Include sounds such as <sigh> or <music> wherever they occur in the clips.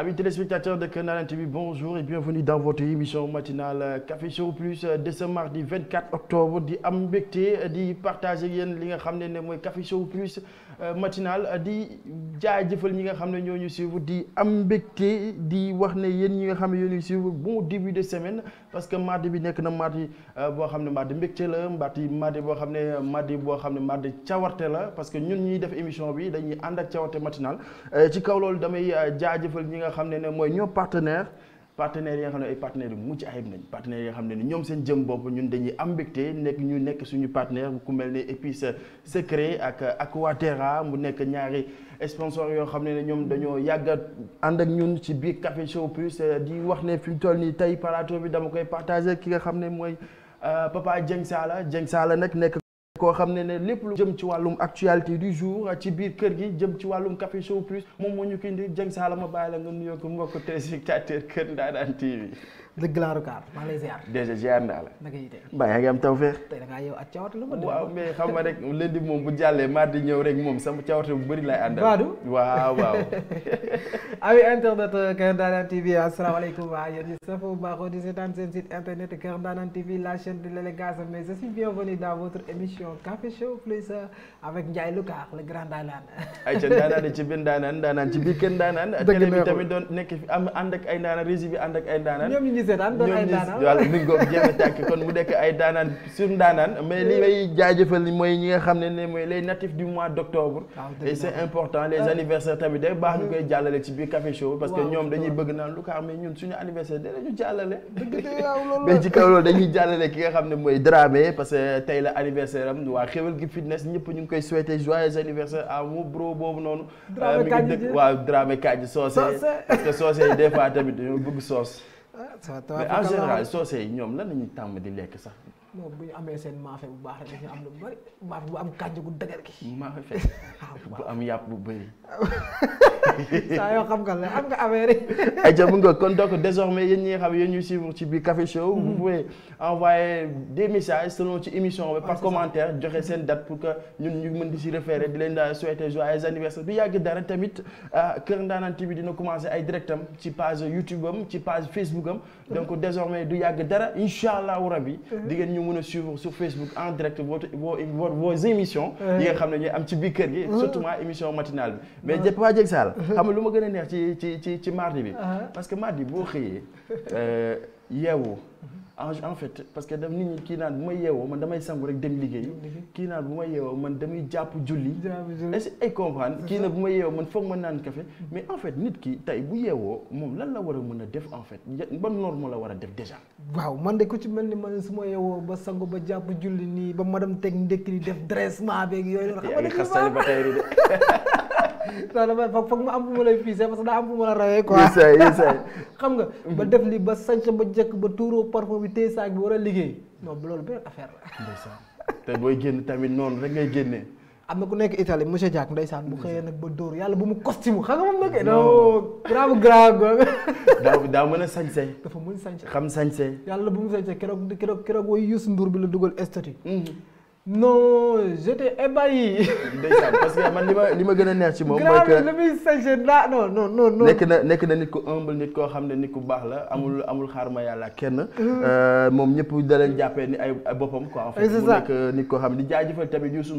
Amis téléspectateurs de Canal TV, bonjour et bienvenue dans votre émission matinale euh, Café Show Plus euh, de ce octobre di am mbégte euh, di partager yéen li nga xam ne ne mooy Café Show Plus matinal di jëfal ñi nga xam ne ñoo ñu suivre di am mbégte di wax ne yéen ñi nga xam ne ñoo ñu suivre bon début de semaine parce que mardi bi nekk na mardi boo xam ne mardi mbégte la mardi mardi boo xam ne mardi boo xam ne mardi cawarte la parce que ñun ñuy def émission bi dañuy ànd ak cawarte matinale nga xam ne ne mooy ñoo partenaire partenaires yi nga xam ne ay partenaires yu mucc ayib nañ partenaires yi xam ne ni ñoom seen jëm bopp ñun dañuy am mbégte nekk ñu nekk suñu partenaire ku mel ne épice secret ak Aquaterra mu nekk ñaari sponsor yoo xam ne ne ñoom dañoo yàgg a ànd ak ñun ci biir Café Show Plus di wax ne fi mu toll nii tey plateau bi dama koy partagé ki nga xam ne mooy euh, Papa Dieng saala Dieng saala nag nekk koo xam ne ne lépp lu jëm ci wàllum actualité du jour ci biir kër gi jëm ci wàllum café show plus moom moo ñu ko indi Dieng Saala ma bàyyi la nga nuyoo ko mbokk téléspectateur Kër Ndanane TV le grand Rukar maa ngi lay ziar. déjà ziar naa la. na nga yite mbaa am tawfeex. tey da ngaa yow ak cawarte lu ma. waaw mais xam nga rek lundi moom bu jàllee mardi ñëw rek moom sama cawarte bu bëri lay àndal. Badou waaw waaw. <laughs> ami internet Kër Ndanane TV internet Kër Ndanane TV la chaîne de a mais je suis bienvenu dans votre émission Café Show plus avec Ndiaye Rukar le grand Ndanane. <laughs> ayca Ndanane ci ci biir Kër Ndanane. dëgg la tamit doon nekk fi ay Ndanane régie bi ay Ndanane. ñuy seetaan doon ay daanaan wàlla mi ngoog kon mu nekk ay daanaan sur daanaan mais li may ni mooy ñi nga xam ne ne mooy les natifs du mois d' octobre ah, et c' est important les anniversaires tamit day baax mm. jàllale ci biir café show que ñoom dañuy bëgg naan lu ko amee ñun suñu anniversaire dinañu jàllale <laughs> mais ci kaw loolu dañuy jàllale ki nga xam ne mooy Dramé parce que tey la anniversaire am waa xéwal gi fitness ñëpp ñu ngi koy souhaiter joyeux anniversaire à mon bro boobu noonu euh, mi ngi dëkk waaw Dramé Kadji soose parce soose yi tamit dañoo bëgg soos Ah, mais en général soose yi ñoom lan la ñuy tàmm di lekk sa moom bu ñu amee seen maafe bu baax rek dañuy am lu bari maafe bu am kànja gu dëgër gi. maafe fekk <laughs> ah, bu am yàpp bu bëri. <laughs> saa yoo xam nga la am nga affaire yi. ayca <laughs> mu nga kon donc désormais yéen ñi nga xam yéen ñuy suivre ci biir Café Show. vous mm-hmm. pouvez envoyer des messages selon ci émission bi par commentaire joxe seen date pour que ñun ñu mën di si référer di leen daal euh, souhaiter joyeux anniversaire bi yàgg dara tamit euh, Kër Ndanane TV dina commencer ay directam am ci page YouTube am ci page Facebook am mm-hmm. donc désormais du yàgg dara incha allahu mm-hmm. ñu mën a suivre sur Facebook en direct vos vos vos émissions. yi nga xam ne ñooy am ci biir kër gi. surtout ma émission matinale bi. mais jëpp waa jeg saal xam nga lu ma gën a neex ci ci ci ci bi. Ah. parce que mardi boo xëyee euh, yeewu. en fait parce que daf nit ñi kii naan bu ma yeewoo man damay sangu rek dem liggéey kii naan bu ma yeewoo man damay jàpp julli est-ce ay comprendre kii na bu ma yeewoo man foog ma naan café mm-hmm. mais en fait nit ki tey bu yeewoo moom lan la war a mën a def en fait ban norme la war a def déjà waaw man de ku ci mel ni man su ma yeewoo ba sangu ba jàpp julli nii ba madame teg ndekki di def dressement beeg yooyu noonu xam nga <laughs> non <laughs> damay foog foog ma am fu ma lay fiisee parce que daa am fu ma la rawee quoi <laughs> xam nga ba def li ba sañse ba jëkk ba tuuroo parfum bi téye saag bi war a liggéey non loolu benn affaire booy génn tamit noonu rek ngay génnee am na ku nekk Italie monsieur Diak ndeysaan bu xëyee nag ba dóor yàlla bu mu costume xam nga moom nag non grave grave googu <laughs> daa mën a sañse dafa mën sañse xam sañse yàlla bu mu sañse keroog keroog keroog way Youssou bi la dugal statut non j'étais ébahi. <laughs> ndeysaan parce que li ma li ma gën a neex ci moom. mooy que li muy sañse naa non nekk na nekk na nit ku humble nit koo xam ne nit ku baax la amul amul xaar ma yàlla kenn. Mm. Euh, moom ñëpp da leen jàppee ni ay boppam quoi. en fait mu nekk nit koo xam ne di jaajëfal tamit Youssou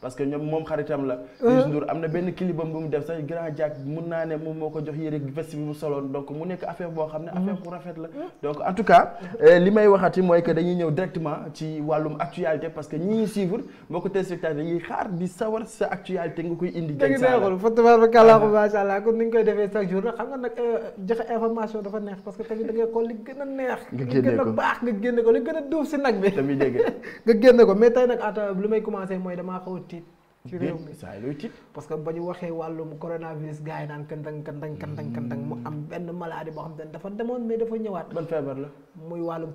parce que ñoom moom xaritam la. Mm. Youssou Ndour am na benn clipam bu mu def sax grand mun naa ne moom moo ko jox yére veste bi mu soloon donc mu nekk affaire boo xam ne. Mm. affaire bu rafet la. donc en euh, li may waxati mooy que dañuy ñëw directement ci wàllum actualité parce que ñii suivre mbokku téléspectateur yi xaar di sawar sa actualité nga koy indi. dégg nga neexul fa tabarakallahu ah. macha allah kon ni koy defee chaque jour nag xam nga nag euh, joxe information dafa neex parce que tamit da ngay li gën a neex. nga génne baax nga génne ko li gën a duuf si nag bi. tamit dégg nga <laughs> génne ko mais tey nag ata lu may commencé mooy damaa xaw tiit ci réew mi saa looy tiit parce que ba ñu waxee wàllum coronavirus gars yi naan kantang kantang kantang kantang mu am benn maladie boo xam te ne dafa demoon mais dafa ñëwaat. ban feebar la. muy wàllum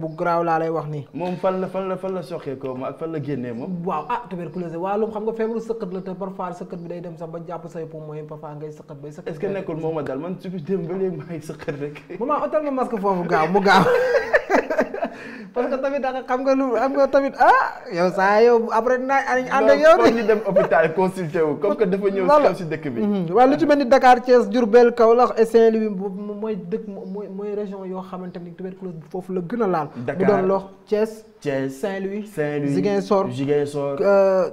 bu garaaw laa lay wax nii. moom fan la fan la fan la soxee ko ma ak fan la génnee moom. waaw ah tuberculose wàllum xam nga feebaru sëkkat la te parfois sëkkat bi day dem sax ba jàpp say poumon parfois ngay sëkkat bay. sëkkat est-ce que nekkul moom a dal man su fi dem ba léegi maa ngi sëkkat rek. <laughs> maman otal ma masque foofu gaaw mu gaaw. <laughs> parce que tamit da xam nga lu xam nga tamit ah yow saa yow après naa ànd ak yow de. ñu dem hôpital consulté wu comme que dëkk bi. Mhm. waaw lu ci mel ni Dakar Thiès Diourbel Kaolack et Saint-Louis mooy dëkk mooy mooy région yoo xamante ni foofu la gën a laal. Dakar mu doon lox Thiès. Thiès Saint-Louis Saint-Louis Ziguinchor Ziguinchor euh,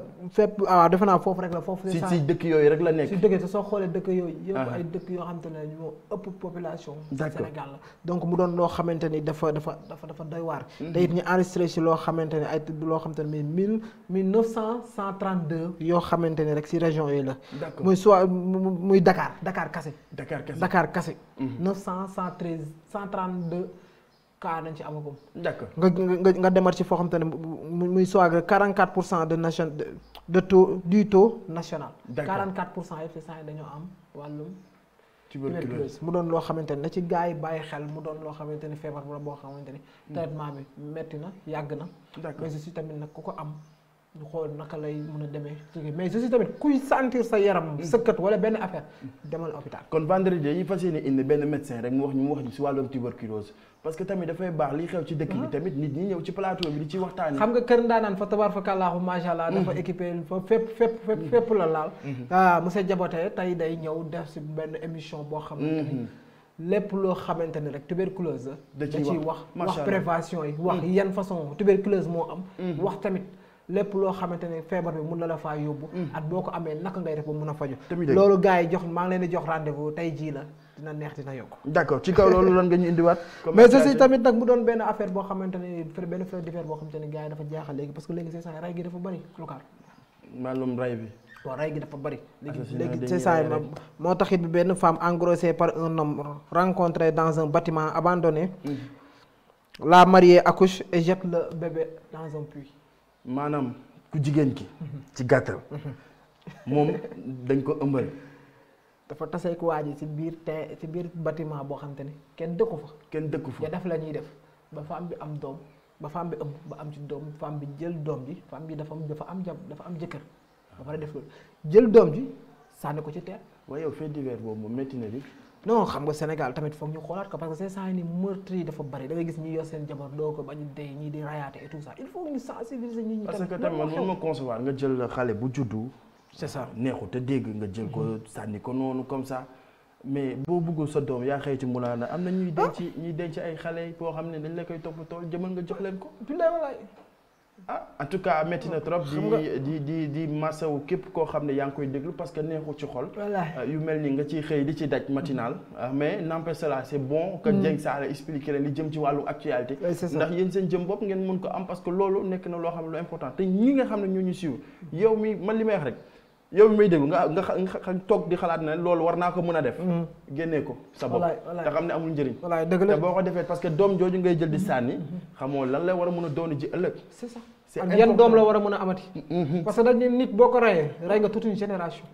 ah, naa rek la foofu si dëkk yooyu rek la nekk si dëkk sa soo xoolee dëkk yooyu yëpp ah, ah. ay dëkk yoo xamante ne ñoo ëpp population Sénégal la donc mu doon loo xamante ni dafa dafa dafa dafa doy waar mm-hmm. te it ñu enregistré si loo xamante ne ay loo xamante ne mii mille mille neuf cent cent trente deux yoo xamante ne rek si région yooyu la muy soit muy Dakar Dakar kase Dakar kase kase mm-hmm. neuf cent cent deux kaa nañ ci amagum. d'accord nga nga nga demar ci foo xam te ne muy soit 44 pour cent de nation de taux du taux national. d'accord 44 pour cent yëpp ci saa yi dañoo am wàllum. mu doon loo xamante ne na ci gars yi bàyyi xel mu doon loo xamante ni feebar la boo xamante ni. Hmm. traitement bi metti na yàgg na. d'accord mais aussi tamit nag ku ko am. ñu xool naka lay mën a demee mais je suis tamit kuy sentir sa yaram. Mm. sëkkat wala benn affaire demal hôpital. kon vendredi yi fas yéene indi benn médecin rek mu wax ñu mu wax ñu si wàllum tuberculose parce que tamit dafay baax li xew ci dëkk bi ah. tamit nit ñi ñëw ci plateau bi di ci waxtaanee. xam nga kër ndaanaan fa day ñëw def si benn émission boo xam ne. Mm-hmm. lépp loo xamante ne rek tuberculose la. da ciy wax wax prévention yi wax mm. yan façon tuberculose moo am. Mm. wax tamit. lépp loo xamante ne feebar bi mun na la faa yóbbu mm. at boo ko amee naka ngay def ba mun a faju loolu gars yi jox maa ngi leen di jox rendez-vous tey jii la dina neex dina yokk d'accord ci kaw loolu lan nga ñu indiwaat <laughs> mais ceci tamit nag mu doon benn affaire boo xamante ne benn fait divers boo xamante ne gars yi dafa jaaxal léegi parce que léegi c'est ça ray bëri Lukaar maalum ray ah, moo taxit bi benn femme engrossée par un homme rencontré dans un bâtiment abandonné mm. la mariée accouche et jette le bébé dans un puits maanaam ku jigéen ki ci gàttal moom dañ ko ëmbal dafa tasee ku waa ji ci biir te ci biir batiment boo xam te ne kenn dëkku fa kenn dëkku fa def la ñuy def ba fa am bi am doom ba femme bi ëmb ba am ci doom femme bi jël doom ji femme bi dafa am dafa am jab dafa am jëkkër ba pare def jël doom ji sànni ko ci teen waaye yow fait divers boobu moom métti na bi non xam nga Sénégal tamit foog ñu xoolaat ko parce que ces saa yi ni meurtre yi dafa bari da gis ñi yor seen jabar doo ko bañu dee ñii di rayaate et tout ça il faut ñu sensibiliser nga jël xale bu juddu c'est ça te dégg nga jël ko mm-hmm. sànni ko noonu comme sax mais boo bëggul sa doom yaa xëy ci mulaana am na ñuy denc ah. ñuy denc ay xale boo xam ne dañ la koy tool jëmal nga jox leen ko du lee walaay ah en tout cas métti na trop di di di di képp koo xam ne yaa ngi koy déglu parce que neexu ci xol ah, yu mel ni nga ciy xëy di ci daj matinal ah, mais n'empêche cela c'est bon que mm. Dieng Saala expliqué leen li jëm ci wàllu actualité ndax yéen seen jëm bopp ngeen mun ko am parce que loolu nekk na loo xam ne lu important te ñi nga xam ne ñoo ñu siiw yow mi man li may wax rek yow mi may déglu nga nga xa toog di xalaat ne loolu war naa ko mën a def. Mm-hmm. génnee ko sa bopp te xam ne amul njëriñ. wallaay dëgg la te boo ko defee parce que doom jooju ngay jël di sànni. Mm-hmm. xamoo lan lay war a mën a doon ji ëllëg. c'est ça ak yan doom la war a mën a amati. Mm-hmm. parce que dañ nit boo ko rayee rey nga toute génération.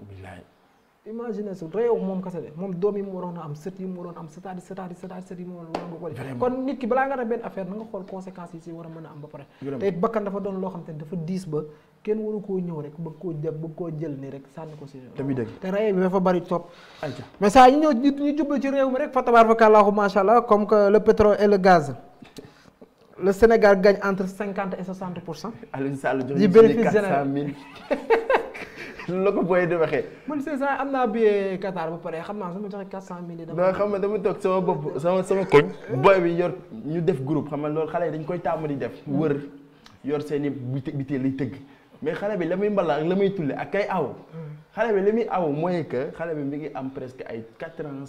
imagine su réew moom kese de moom doom yi mu waroon am sët yi mu waroon am sëtaati sëtaati sëtaati sët yi mu waroon nga ko kon nit ki balaa nga def benn affaire na xool conséquences yi si war a mën a am ba pare te bakkan dafa doon loo xam te dafa diis ba kenn waru koo ñëw rek bëgg ko jël bëgg koo jël nii rek sànni ko si te rey bi dafa bari topp mais saa ñu ñëw ñu jublu ci réew mi rek fa tabaarakallaahu macha allah comme que le pétrole et le gaz le Sénégal gagne entre cinquante et pour cent di bénéfice général <laughs> la ko booy di waxee. man c'est am naa billet Qatar ba pare xam naa su ma joxee quatre cent mille. dama xam nga dama toog sama bopp sama sama koñ. booy bi yor ñu def groupe xam nga lool xale yi dañ koy tàmm di def. Hmm. wër yor seen i biteel lay tëgg. mais xale bi la muy mbala ak la muy tulli ak kay aw. Hmm. xale bi li muy aw mooy que xale bi mi ngi am presque ay quatre ans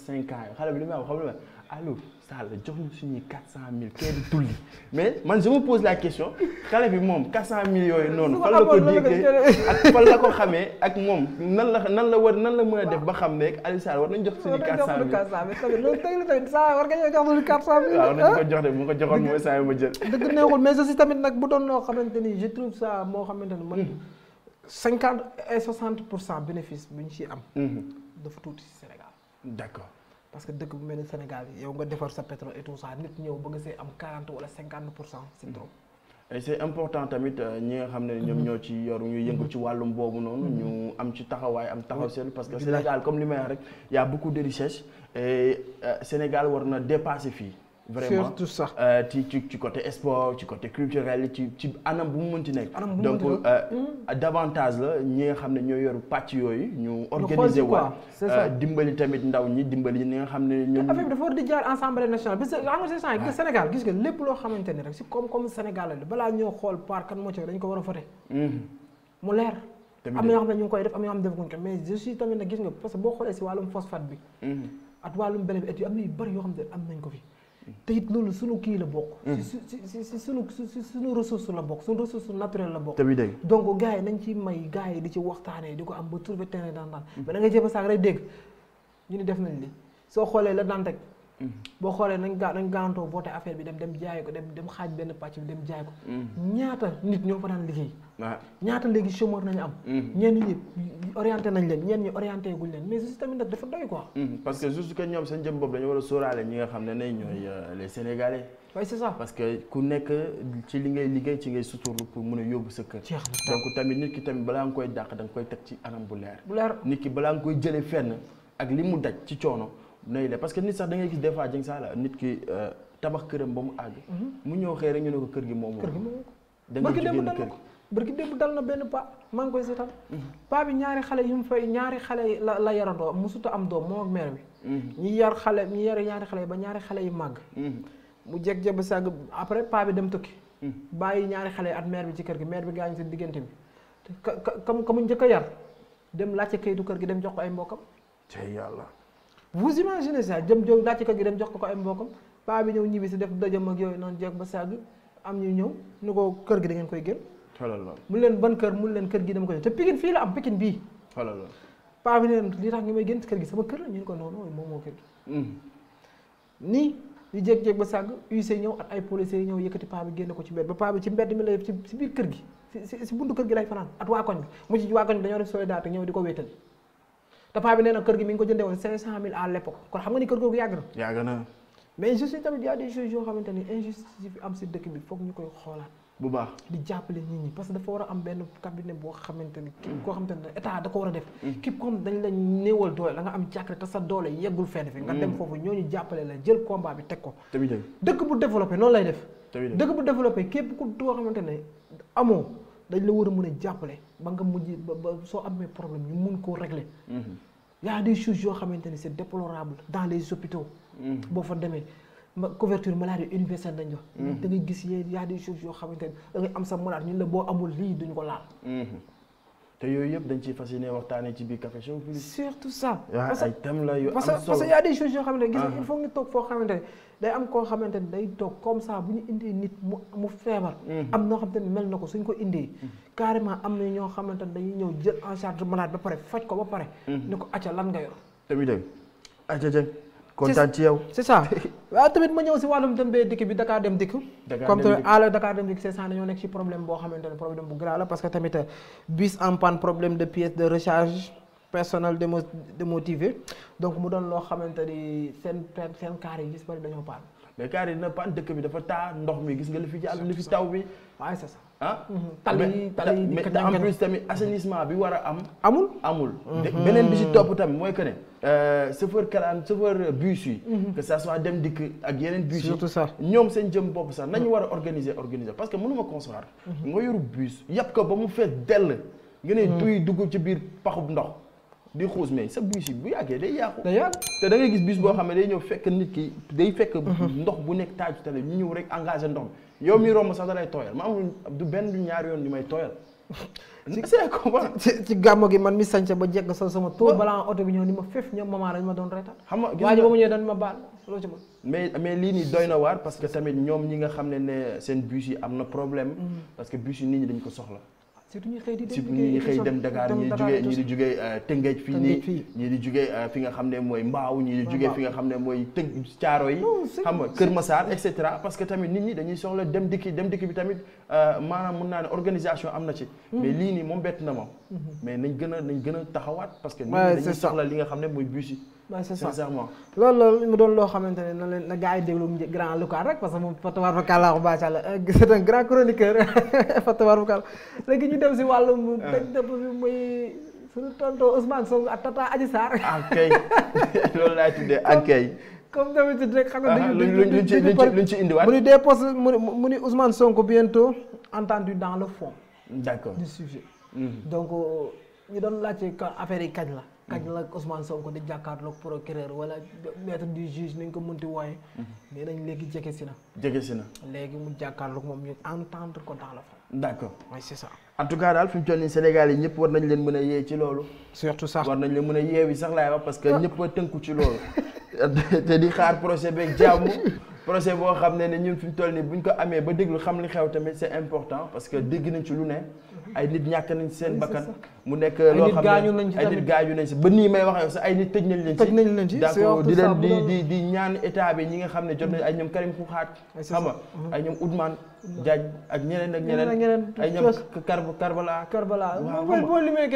xale bi li muy aw xam nga. allo Sall jox ñu suñuy quatre cent mille kenn tulli mais man je me pose la question xale bi moom quatre cent mille yooyu noonu fan la ko déggee ak fan la ko xamee ak moom nan la nan la war nan la mën a def ba xam ne Aliou Sall war nañ jox suñuy quatre cent mille ñoo jox suñu quatre waaw nañ ko jox de bu ko joxoon mooy saa ma jël dëgg neexul mais aussi tamit nag bu doon noo xamante ni je trouve ça moo xamante ni man hmm. cinquante et pour cent bénéfice bu ñu si am hmm. dafa tuuti Sénégal d'accord parce que dëkk bu mel ni Sénégal yow nga defar sa pétrole et tout nit ñëw bëgg see am 40 wala 50 pour cent c'est trop. et c'est important tamit euh, ñi nga xam ne ñoom ñoo ci yoru ñu yëngu ci wàllum boobu noonu ñu am ci taxawaay am taxaw seen parce que Sénégal comme li may rek y a beaucoup de richesses et euh, Sénégal war na dépasser fii. vraiment surtout sax euh, ci ci ci côté sport ci côté culturel ci ci anam bu mu mënti nekk. anam donc euh, euh, davantage la ñi nga xam ne ñoo yor pàcc yooyu. ñu organiser waat dimbali tamit ndaw ñi dimbali ñi nga xam ne. ñoom affaire bi dafa war di jaar assemblée nationale gis nga lépp loo xamante ne rek si koom-koom Sénégal balaa ñoo xool par kan moo ci dañ ko war a voté. Mm-hmm. mu leer. am na yoo xam ne ñu ngi koy def am na yoo xam ne defuñu ko mais je suis tamit nag gis nga parce boo xoolee si wàllum phosphate bi. Mm-hmm. ak wàllum bële bi et yoo xam ne am nañ ko fi te it loolu sunu kii la bokk. Mm. si si si suñu si suñu ressource la bokk suñu ressource naturelle la bokk. tamit donc gars yi nañ ci may gars yi di ci waxtaanee di ko am ba trouver terrain d'entente. Mm. mais da ngay jéem a saag rek dégg ñu ni def nañ li soo xoolee la daan teg boo xoolee nañ gaa nañ gaantoo voté affaire bi dem dem jaay ko dem dem xaaj benn pàcc bi dem jaay ko mm. ñaata nit ñoo fa daan liggéey ñaata léegi chômeur nañu am mm. ñenn ñi orienté nañ leen ñeen ñi orienté guñ leen mais juste tamit nag dafa doy quoi mm. parce que juste que ñoom seen jëm bopp dañu war a sóoraale ñi nga xam ne ne ñooy euh, les sénégalais waaye c'est ça parce que ku nekk ci li ngay liggéey ci ngay suturlu pour mun a yóbbu sa kër donc tamit nit ki tamit balaa nga koy dàq da koy teg ci anam bu leer bu leer nit ki balaa nga koy jëlee fenn ak li mu daj ci coono nay la parce que nit sax da ngay gis des fois jëng saa la nit ki euh, tabax këram ba mu àgg. Mhm. mu ñëw xëy rek ñu ne ko kër gi moom kër gi da nga génn kër gi dal na benn pa maa ngi koy seetaan mhm. pa bi ñaari xale yu mu fay ñaari xale la la yarandoo musuta am doom moom ak mère bi mhm. ñi yar xale ñi yar ñaari xale yi ba ñaari xale yi màgg mu jeg ba sàgg après pa bi dem tukki bàyyi ñaari xale yi at mère bi ci kër gi mère bi gaa gaañu si diggante bi ka ka ka mu njëkk a yar dem laajte kayitu kër gi dem jox ko ay mbokkam tey yàlla vous imaginez ça jëm jóg dàcc ko gi dem jox ko ko ay mbokkam paa bi ñëw ñibbi si def dajam ak yooyu noonu jeeg ba sàgg am ñu ñëw ni ko kër gi da ngeen koy gën xoolal loolu mun leen ban kër mun leen kër gi dama koy te pikin fii la am pikin may gën kër gi sama kër la ñu ne ko noonu moom moo kër gi hmm. nii di jéeg-jéeg ba sàgg UC ñëw ak ay policiers yi ñëw yëkkati paa bi génn ko ci mbedd ba paa bi ci mbedd mi lay ci biir kër gi si si buntu kër gi lay fanaan at waa koñ bi mu ci waa koñ bi dañoo def solidarité ñëw di ko wéetal te paa na kër gi mi ngi ko jëndee woon 500000 à l'époque kon xam nga ni kër googu yàgg na. a des choses yoo bi am si koy xoolaat. bu baax di jàppale nit ñi parce que dafa war a am benn cabinet boo xamante ni. képp koo xamante ne état da ko war a def. Mm. képp comme dañ la néewal doole la nga am jàkkre te sa doole yeggul fenn fi. nga mm. dem foofu ñooñu jàppale la jël combat bi teg ko. dëkk bu développé noonu lay def. dëkk bu développé képp ku koo xamante ne amoo. dañ la war a mën a jàppale ba nga mujj ba soo amee problème ñu mun koo régler. Mhm. y a des choses yoo xamante ni c'est déplorable dans les hôpitaux. Mhm. boo fa demee couverture maladie universelle nañ jox. Mhm. da ngay gis yéen y a des choses yoo xamante ni da am sa malade ñun la boo amul lii duñ ko laal. te yooyu yëpp dañ ciy fas yéene waxtaanee ci biir café show. surtout ça. parce que ay thèmes la a des choses yoo xamante ne gis ah. il faut nga toog foo xamante day am koo xamante ni day toog comme ça bu ñu indee nit mu mu feebar. Mm-hmm. am noo xam ni mel na ko suñ ko indee. Mm-hmm. carrément am na ñoo xamante ni dañuy ñëw jël en charge malade ba pare faj ko ba pare. Mm-hmm. ni ko acca lan nga yor. tamit dégg acca jëng kontaan ci yow c'est ça <laughs> tamit ma ñëw si wàllum dem bee dikk bi Dakar dem dikk comme tamit ala Dakar dem dikk c'est ça nekk ci problème boo xamante ne problème bu grave la parce que tamit euh, bus en panne problème de pièce de recharge personnel démo démotivé donc mu doon loo xamante ni seen seen kaar yi gis bari dañoo paan mais kaar yi dina paan dëkk bi dafa taa ndox mi gis nga li jàll li taw bi waaye c'est ça tali ah? mhm. ah, tali mais en plus tamit assainissement bi a ñoom seen jëm bopp sax nañu mhm. war a organiser organiser parce que mënuma concevoir mhm. nga yoru bus yàpp ko ba mu fees dell nga ne tuy dugg ci biir paxub ndox di xuus mais sa bus yi bu yàggee day yàqu. day yàqu te da gis bus boo xam ne day ñëw fekk nit ki day fekk. Mhm. ndox bu nekk taaju tale ñu ñëw rek engagé ndox mi yow mi romb sax da lay tooyal ma amul du benn du yoon ñu may tooyal. ci <laughs> ci gàmmo gi man mi sànce ba jekk sol sama tóor balaa oto bi ñëw ni ma féef ñoom maman dañ ma doon reetal xam ma baal lii nii doy na waar parce que tamit ñoom ñi nga xam ne ne seen bus yi am na problème mhm. parce que bus yi nit ñi dañ ko soxla surtout ñuy xëy dem surtout ñuy xëy dem Dakar ñii di jógee euh, ñii di jugee Tëngéej fii nii ñii di jugee fi nga xam ne mooy Mbaaw ñii di jugee fi nga xam ne mooy Tëng Caaro yi xam nga Kër Massar et cetera parce que tamit nit ñi dañuy soxla dem dikki dem dikki bi tamit euh, maanaam mun naa ne organisation am na ci mm-hmm. mais lii nii moom bett na ma mm-hmm. mais nañ gën a nañ gën a taxawaat parce que nit ñi dañuy soxla li nga xam ne mooy bus yi waaw c'est ça sincèrement mu doon loo xamante ne na leen na gars yi déglu grand Luka rek parce que moom Fatawar Fakala wax macha allah euh, c'est un grand chroniqueur <laughs> Fatawar Fakala léegi ñu dem si wàll dëgg ah. dëpp bi muy suñu tonton Ousmane Sonko ak Tata Adji Sarr. ak kay <laughs> loolu laay ah, ci luñ ci indiwaat mu ni des postes mu ni Ousmane Sonko dans le fond. d'accord du mm. donc euh, ñu doon laajte affaire yi kañ la. kañ la Ousmane Sonko di jàkkaarloog procureur wala maître du juge nañ ko mënti wooye mhm. nee nañ léegi jege si na jege si na léegi mu jàkkaarloog moom ñu entendre ko dans la France d' accord oui c' est en tout cas daal fi mu toll nii Sénégal yi ñëpp war nañ leen mën a yee ci loolu surtout sax war nañ leen mën a yeewi sax laay wax parce que ñëpp a tënku ci loolu <laughs> te di xaar procès beeg jàmm projet boo xam ne ne ñun fi ñu toll nii bu ñu ko amee ba déglu xam li xew tamit c'est important parce que dégg nañ ci lu ne ay nit ñàkk nañ seen bakkan mu nekk loo xam ne ay nañ ci ba nii may wax yow sax ay nit tëj nañ leen ci tëj nañ leen ci jot nañ ay ñoom Karim Xuxaat xam mhm. ñeneen ak ay ñoom Karba Karbala Karbala boo limee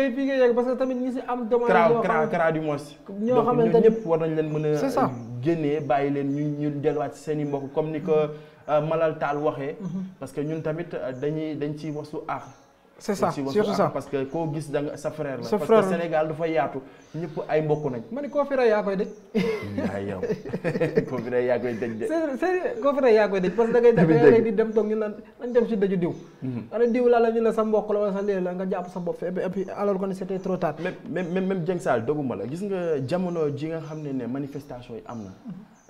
parce que tamit ñi ci am domaine cra cra du moins ñoo xamante ne ñëpp war nañ leen mën a c'est ça génnee bàyyi leen ñu ñu delluwaat seen i mbokk comme ni ko euh, malaltaal Taal waxee. Mm-hmm. parce que ñun tamit euh, dañuy dañ ci wasu aar. c'est ça surtout ça parce que koo gis da nga sa frère la. sa frère parce que Sénégal dafa yaatu ñëpp ay mbokk nañ. ma ne koo fi rey yaa koy dëj. waaw yow <laughs> koo fi rey yaa koy dëj de. c'est c'est koo fi rey yaa koy dëj parce que da ngay da ngay di dem toog ñu naan nañ dem si dëju diw. Mhm. ana diw laa la ñu ne sa mbokk la wala sa léeg la nga jàpp sa bopp et puis alors que c'était trop tard. même même même Dieng Sall doguma la gis nga jamono ji nga xam ne ne manifestation yi am na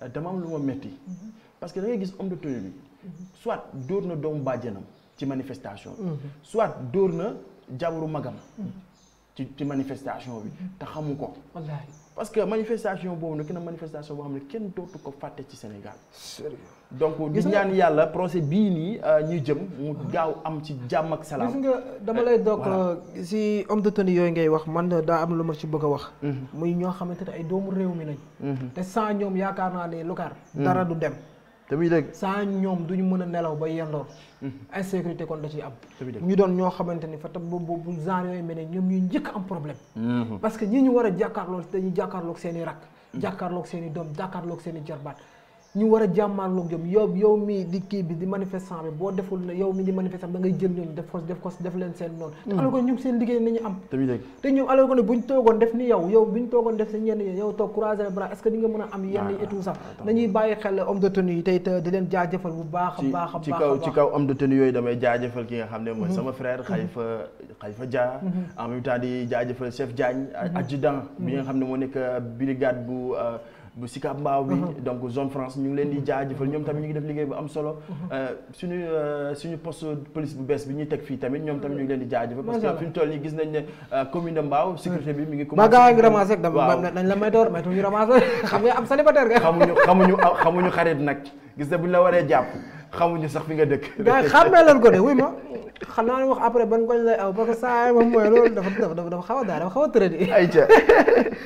mhm. dama am lu ma metti mhm. parce que da ngay gis homme de tenue bi soit dóor na doomu bàjjenam. ci manifestation bi mhm. soit dóor na jabaru magam ci ci manifestation bi te xamu ko wallaahi parce que manifestation boobu nag na manifestation boo xam ne kenn dootu ko fàtte ci Sénégal donc di ñaan yàlla procès bii nii euh, ñu jëm mu gaaw am ci jàmm ak salaam gis nga dama lay doog euh, si homme yooyu ngay wax man daa am lu ma ci bëgg a wax mhm. muy ñoo xamante ne ay doomu réew mi nañ mhm. te sans ñoom yaakaar naa ne lukaar dara du dem te muy dëgg saa ñoom du ñu mën a nelaw ba yendoor mm-hmm. insécurité kon da ciy am ñu doon ñoo xamante ni fa tam boobu genre yooyu mel ne ñoom ñuy njëkk am problème mm-hmm. parce que ñi ñu war a jàkkaarloo dañuy jàkkaarloog seeni i rakk mm-hmm. jàkkaarloog seen i doom jàkkaarloog seen i jarbaat ñu war a jàmmaarloog ñoom yow yow mi di kii bi di manifestant bi boo deful ne yow mi di manifestant bi da ngay jël ñoom def ko def ko def leen seen noonu te mm. alors que ñoom seen liggéey nañu am te ñoom alors que ne bu ñu toogoon def ni yow yow bu ñu toogoon def si ñenn yi yow toog croiser les est ce que di nga mën a am yenn yi et tout ça bàyyi xel homme de tenue yi tey te di leen jaajëfal bu baax a baax a baax ci kaw ci kaw homme de tenue bu Sicap Mbao bi mhm. donc zone France ñu ngi leen di mhm. jaajëfal ñoom tamit ñu ngi def liggéey bu am solo mhm. euh, suñu euh, suñu poste police bu bees bi ñu teg fii tamit ñoom tamit ñu ngi leen di jaajëfal parce que fi ñu toll nii gis nañ ne euh, commune de Mbao sécurité bi mi ngi commencé maa may door may tuñu <laughs> xam nga am célibataire nga xamuñu xamuñu xamuñu xarit bu ñu la waree jàpp xamuñu sax fi nga dëkk da xammee leen ko de wuy ma xam naa ne wax après ban koñ lay aw parce que saa moom mooy loolu dafa dafa dafa xaw a daa dafa xaw a tëradi <laughs>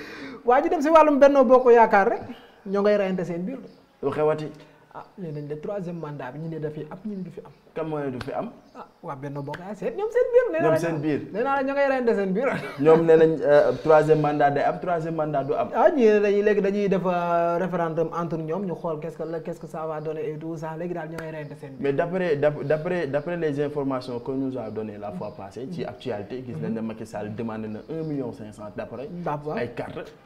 waa ji dem si wàllum bennoo boo ko yaakaar rek ñoo nga reyante seen biir de. lu xewati. ah nee nañ le troisième mandat bi ñu ne dafay am ñu du fi am. kan mooy du fi am. ah waa benn bokk naa seet ñoom seen biir. ñoom seen biir <laughs> ñoom nee nañ euh, troisième mandat day am troisième mandat du am. ah ñii dañuy léegi dañuy def euh, référendum entre ñoom ñu xool qu'est-ce que la qu'est-ce que ça va donner et tout ça a donné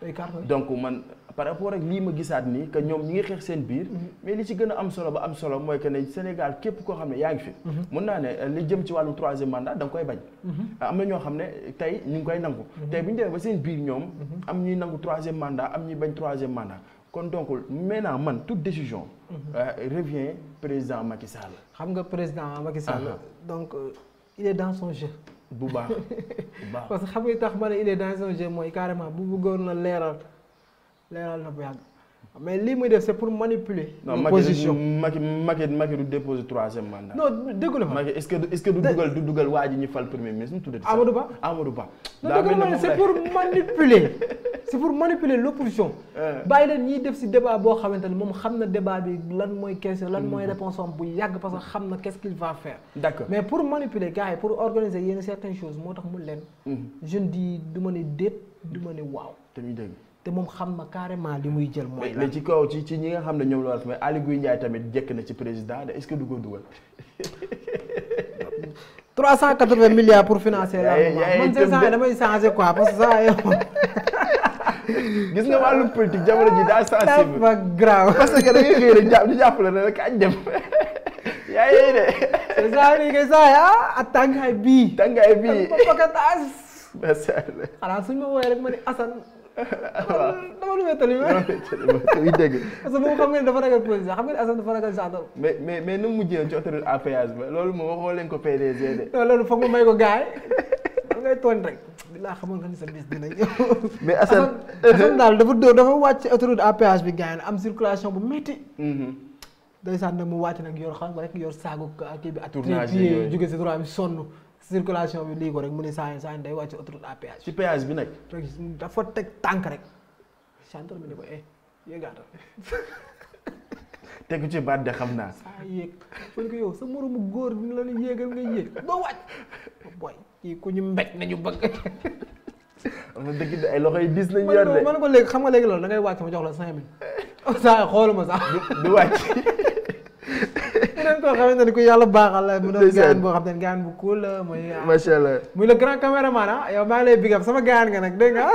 mm-hmm. donc man par rapport ak lii ma gisaat nii que ñoom ñu ngi xeex seen biir. Mm-hmm. mais li ci gën a am solo ba am solo mooy que ne Sénégal képp koo xam ne yaa ngi fi. mën mm-hmm. naa ne li jëm ci wàllu troisième mandat da koy bañ mhm. ah, am na ñoo xam ne tey ñu ngi koy nangu mhm. tey bu ñu demee ba seen biir ñoom mhm. am ñuy nangu troisième mandat am ñuy bañ troisième mandat kon donc maintenant man toute décision euh, revient président Macky Sall xam nga président Macky Sall ah, ah. donc euh, il est dans son jeu bu baax bu <laughs> baax parce que xam nga tax ma ne il est dans son jeu mooy carrément bu bëggoon na leeral leeral na bu yàgg mais lii muy def c'est pour manipuler. position non Macky Macky Macky du déposer troisième mandat. non déggu la fa Macky est-ce que est-ce que du dugal du dugal waa ji ñu fal premier ministre mu tuddati. Amadou Ba Amadou Ba. daa mel ne c'est pour manipuler <laughs> c'est pour manipuler l'opposition. Euh. bàyyi leen ñiy def ci débat boo xamante ne moom xam na débat bi lan mooy question lan mm-hmm. mooy réponse am bu yàgg parce que xam na qu'est-ce qu'il va faire. d'accord mais pour manipuler gars yi pour organiser yenn certaines choses leen. Mm-hmm. je ne dis du ma ma ne waaw. te muy te moom xam na carrément li muy jël. mooy mais ci kaw ci ci ñi nga xam ne ñoom la wax mais Aly Ngouille tamit jekk na ci président de est-ce que du ko dugal. 380 <laughs> milliards pour financer. yaay yaay tëb man damay changer quoi <laughs> jamono ji daa jàppale ne rek añ dem <laughs> yaa ngi de. c'est ça léegi ah, ah, bii. waaw dama lu wétali ma. dégg. parce que moom xam ngeen dafa ragal police xam ngeen Assane dafa ragal gendarme. mais mais mais nu mu mujjee ci autoroute à péage ba loolu moom waxoo leen ko PDG de. non loolu foog ma may ko gaay da ngay tooñ nga ni sa bis dina mais Assane Assane daal dafa dóor dafa wàcc ci autoroute à péage bi gaay am circulation bu métti. Mm-hmm. ndeysaan nag mu wàcc nag yor xam nga rek yor saagu kii bi. tournage kii bi at jóge si droit bi sonn. circulation bi lii ko rek mu ne saa yi saa yi day wàcc autoroute a péage. ci bi nag. dafa teg tànk rek gendarme bi ne ko eh yéegaatal. tegu ci baat de xam naa. saa yéeg fële ko yow sa moromu góor bi la ñu yéegal nga yéeg kii ku ñu mbéj nañu bëgg. am na dëgg ay loxo yi diis nañu yor de. man xam nga léegi loolu da ngay wàcc ma jox la cinq mille. <laughs> saa yi xooluma sax. du <laughs> keneen koo xamante ne ku yàlla baaxal la mu boo xam ne gaan <laughs> le grand ah, sama gaan nga nag dégg nga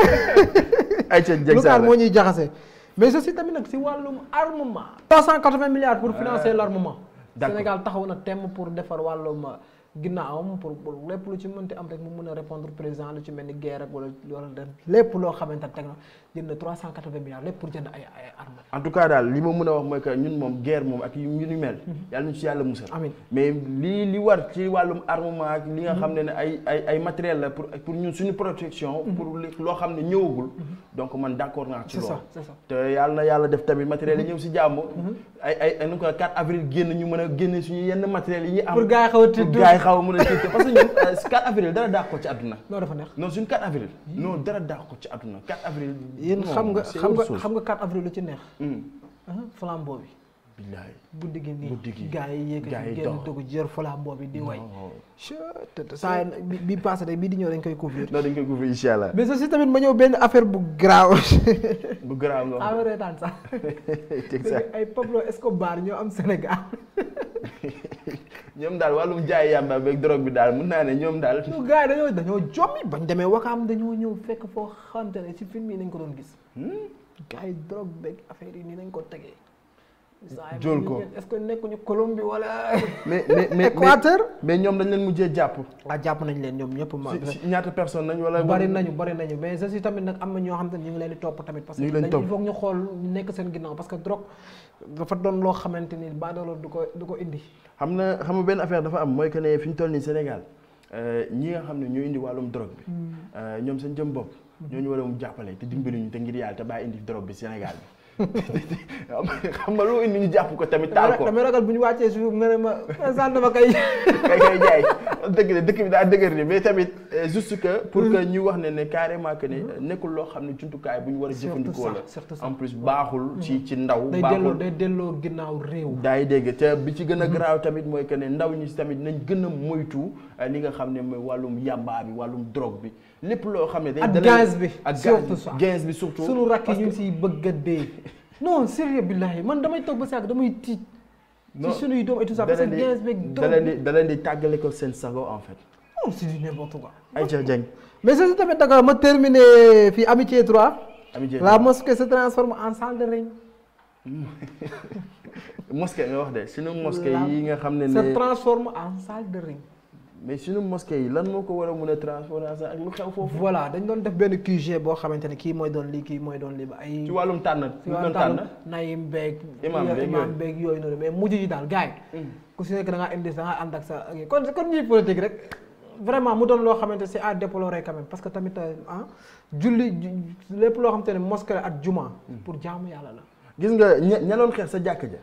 <laughs> moo ñuy jaxase mais aussi tamit nag si wàllum armement trois cent quatre-vingts milliards pour ah. financer l'armement Sénégal taxaw na temm pour defar wàllum euh, ginnaawam pour pour lépp lu ci mënti am rek mu mën a répondre présent lu ci mel ni guerre ak wala wala lépp loo xamante ne teg na jënd na 380 milliards lépp pour jënd ay ay armes. en tout cas daal li ma mën a wax mooy que ñun moom guerre moom ak yu ñu mel. Mhm. yàlla ñu ci yàlla musal. amiin mais lii li war ci wàllum armement ak li nga xam ne ne ay ay ay matériel la pour pour ñun suñu protection. Mhm. pour loo xam ne ñëwagul. Mhm. donc man d' accord naa ci loolu. c' te yàlla na yàlla def tamit matériel yi ñëw si jàmm. ay ay ay nu ko 4 avril génn ñu mën a génne suñu yenn matériel yi ñuy am. pour gars xaw a tiit pour gars xaw a mën a tiit parce euh, ko ci àdduna. non dafa neex non suñu 4 avril. non dara daax ko ci yéen xam nga xam nga xam nga 4 avril lu ci neex. Hmm. flambeau bi. billaay guddi gi nii guddi gi gaa yi yëkkati génn togg jër fala boobu di way saa bi passé rek bii di ñëw dañ koy couvrir non dañ koy couvrir incha allah mais aussi tamit ma ñëw benn affaire bu grave <laughs> bu grave nga am reetaan sax <laughs> ay Pablo Escobar ñoo am Sénégal <laughs> ñoom daal wàllum jaay yàmba beeg drogue bi daal mun naa ne ñoom daal gaa yi dañoo dañoo jommi bañ demee wakaam dañoo ñëw fekk foo xamante ne si film yi nañ ko doon gis hmm? gars yi drogue beeg affaire nii nañ ko tegee jël ko est-ce que nekkuñu Colombie wala. <laughs> mais mais mais Équateur. mais ñoom dañ leen mujjee jàpp. ah jàpp nañ leen ñoom ñëpp ma. si ñaata personne nañ wala. bari nañu bari nañu mais je suis tamit nag am na ñoo xam ne ñu ngi leen di topp tamit. parce que dañu foog ñu xool ñu nekk seen ginnaaw parce que drogue dafa doon loo xamante ni baadoolo du ko du ko indi. xam na xam nga benn affaire dafa am mooy que ne fi ñu toll nii Sénégal euh, ñi nga xam ne ñoo indi wàllum drogue bi. Hmm. Euh, ñoom seen jëm bopp. Hmm. ñooñu war a jàppale te dimbali ñu te ngir yàlla te bàyyi indi drogue bi Sénégal bi xam nga loo indi ñu jàpp ko tamit taal ko damay ragal bu ñu wàccee suuf nga ne ma sant dama kay kay kay jaay dëgg la dëkk bi daa dëgër ni mais tamit euh, juste que pour que ñu wax ne ne carrément que ne nekkul loo xam ne jumtukaay bu ñu war a jëfandikoo la en plus baaxul hmm. ci ci ndaw baaxul day delloo ginnaaw réew daay dégg te bi ci gën a hmm. garaaw tamit mooy que ne ndaw ñi tamit nañ gën a moytu Euh, li nga xam ne mooy wàllum yàmbaa bi wàllum drogue bi lépp loo xam ne. ak gaz bi ak gaz bi surtout sunu rakk yi bëgg a dee <laughs> non sérieux billahi man damay toog ba saag damay tiit. ci sunuy doom et tout ça parce que gaz bi da leen di da leen di tàggale ko seen sago en fait. non c'est du n'importe quoi. ma terminé fii amitié 3. amitié 3 la mosquée se transforme en salle de réunion. <laughs> wax de sunu mosquée yi nga xam ne. se transforme en salle de mais suñu mosquée yi lan moo ko war a mun a transformation ak lu xew foofu. voilà dañ doon def benn QG boo xamante ne kii mooy doon lii kii mooy doon lii ba ay. ci wàllum tànn ci wàllum tànn Naïm beeg. Imaam beeg yooyu Imaam mais mujj yi daal gars mm. ku si nekk da ngaa indi da ngaa ànd ak sa kon kon ñuy politique rek. vraiment mu doon loo xamante si à déplorer quand même parce que tamit euh, ah julli lépp loo xam xamante ne moske ak juma. Mm. pour jaamu yàlla la. gis nga ña ña doon sa jàkk ja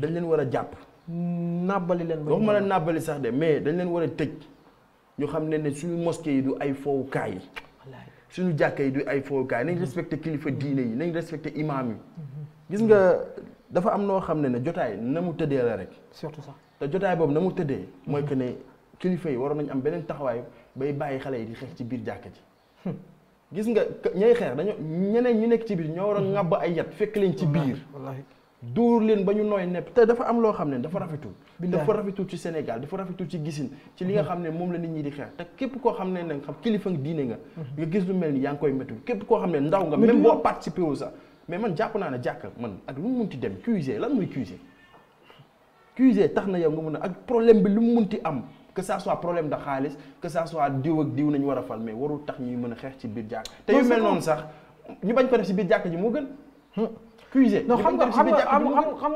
dañ leen war a jàpp. nàbbali leen. waxuma la nàbbali sax de mais dañ leen war a tëj ñu xam ne ne suñu mosquée yi du ay fowukaay suñu jàkka yi du ay fowukaay nañ mm-hmm. respecté kilifa diine yi nañ respecté imaam yi. Mm-hmm. gis nga dafa am noo xam ne ne jotaay na mu tëddee la rek. surtout sax te jotaay boobu na mu tëddee. mooy mm-hmm. que ne kilifa yi waroon nañ am beneen taxawaay bay bàyyi xale yi di xeex ci biir jàkka ji. Hmm. gis nga ñay xeex dañoo ñeneen ñu nekk ci biir ñoo waroon ŋàbb ay yat fekk leen ci biir. dóor leen ba ñu nooy nepp te dafa am loo xam ne dafa mm-hmm. rafetul dafa rafetul ci Sénégal dafa rafetul ci gisin ci li nga mm-hmm. xam ne moom la nit ñi di xeex te képp koo xam ne nag xam kilifa diine nga mm-hmm. nga gis lu mel ni yaa ngi koy méttu képp koo xam ne ndaw nga même boo participé wu sax mais man jàpp naa ne jàkk man ak lu mu munti dem cuisé lan muy cuisé tax na yow nga mun a ak problème bi lu mu ti am que ça soit problème da xaalis que ça soit diw ak diw nañu war a fal mais warul tax ñuy mën a xeex ci biir jàkk te yu mel noonu sax ñu bañ ko def si biir jàkk ji moo gën puiser. xam nga xam nga xam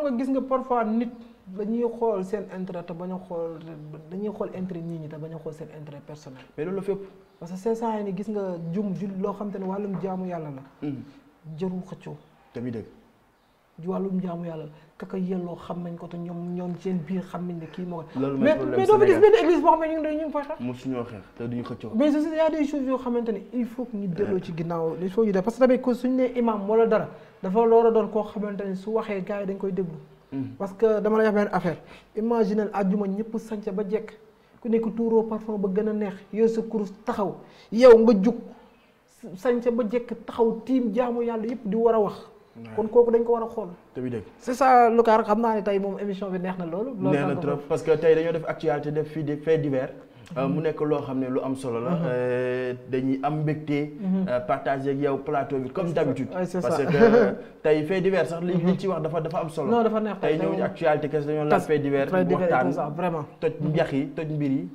nga nit. dañuy xool seen intérêt te bañ a xool dañuy xool intérêt nit ñi te bañ xool seen intérêt personnel. mais loolu fépp. parce que hmm. seen ne imam wala dara. dafa loor a doon koo xamante ni su waxee gars yi dañ koy déglu. Hmm. parce que dama lay wax benn affaire imaginel àjjuma ñëpp sanca ba jekk ku nekk tuuroo parfum ba gën a neex yow sa kurus taxaw yow nga jug sanca ba jekk taxaw tiim jaamu yàlla yëpp di war a wax. kon kooku dañ ko war a xool. te bi dëgg c'est ça Lucar xam naa ne tey moom émission bi neex na loolu. loolu neex na trop parce que tey dañoo def actualité def fii des faits divers. Euh, mu nekk loo xam ne lu am solo la. Mhm. Euh, dañuy am mbégte. Mhm. Euh, partager ak yow plateau bi comme d'habitude. parce que <laughs> tey fait weer sax li li mhm. ci wax dafa dafa am solo. non dafa neex tey ñëw ñu actualité kese dañoo laaj fait divers. waxtaan vraiment toj njax yi toj mbir yi.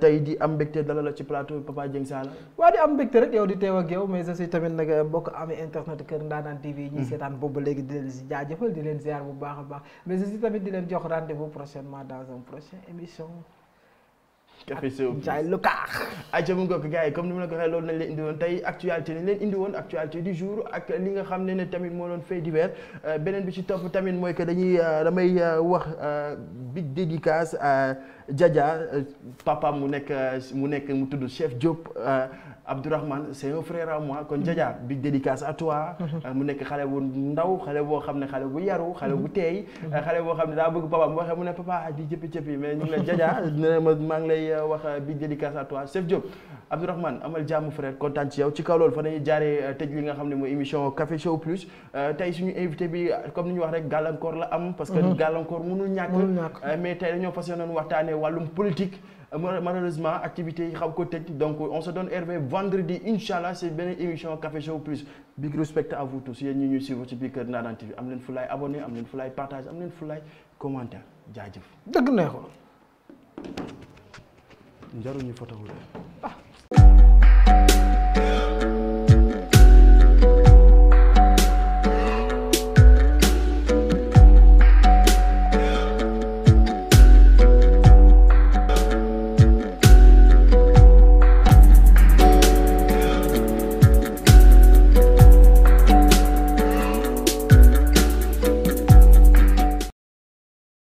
tey di am mbégte dalal la ci plateau bi Papa Dieng Sala. waa di am mbégte rek yow di teew ak yow mais aussi tamit nag mbokk ami internet Kër Ndanane TV. ñuy seetaan boobu ba léegi di leen si jaajëfal di leen ziar bu baax a baax mais aussi tamit di leen jox rendez-vous prochainement dans un émission. café Show Ndiaye Lukaar aca mu ngokk gars yi comme ni mu la ko waxee loolu nañ leen indi woon tey actualité ni leen indi woon actualité du jour ak li nga xam ne ne tamit moo doon fait divers euh, beneen bi ci topp tamit mooy que dañuy euh, damay euh, wax big dédicace à Jaja papa mu nekk mu nekk mu tudd Chef Diop Abdourahmane c'est un frère kon Jaja mm-hmm. big dédicace à toi. Mm-hmm. Euh, mu nekk xale bu ndaw xale boo xam ne xale bu yaru xale bu teey mm-hmm. euh, xale boo xam ne daa bëgg papa mu waxee mu ne papa di jëppi jëppi mais ñu ngi la Jaja <laughs> nee ma maa ngi lay euh, wax big dédicace à toi Chef Diop. amal jàmm frère kontaan ci yow ci kaw loolu fa nañu jaaree tëj li nga xam ne mooy émission Café Show Plus tey suñu invité bi comme ni ñu wax rek gàllankoor la am. parce que gàllankoor mënul ñàkk. mais tey dañoo fas yéeneen waxtaanee wàllum politique. malheureusement activité yi xaw ko tëj donc on se donne Hervé vendredi incha allah c'est beneen émission Café Show plus big respect à vous tous yéen ñi ñuy suivre ci biir Kër Ndanane am leen fu lay am leen fu partage am leen fu lay commentaire jaajëf. dëgg neexoon. njaruñu foto ah.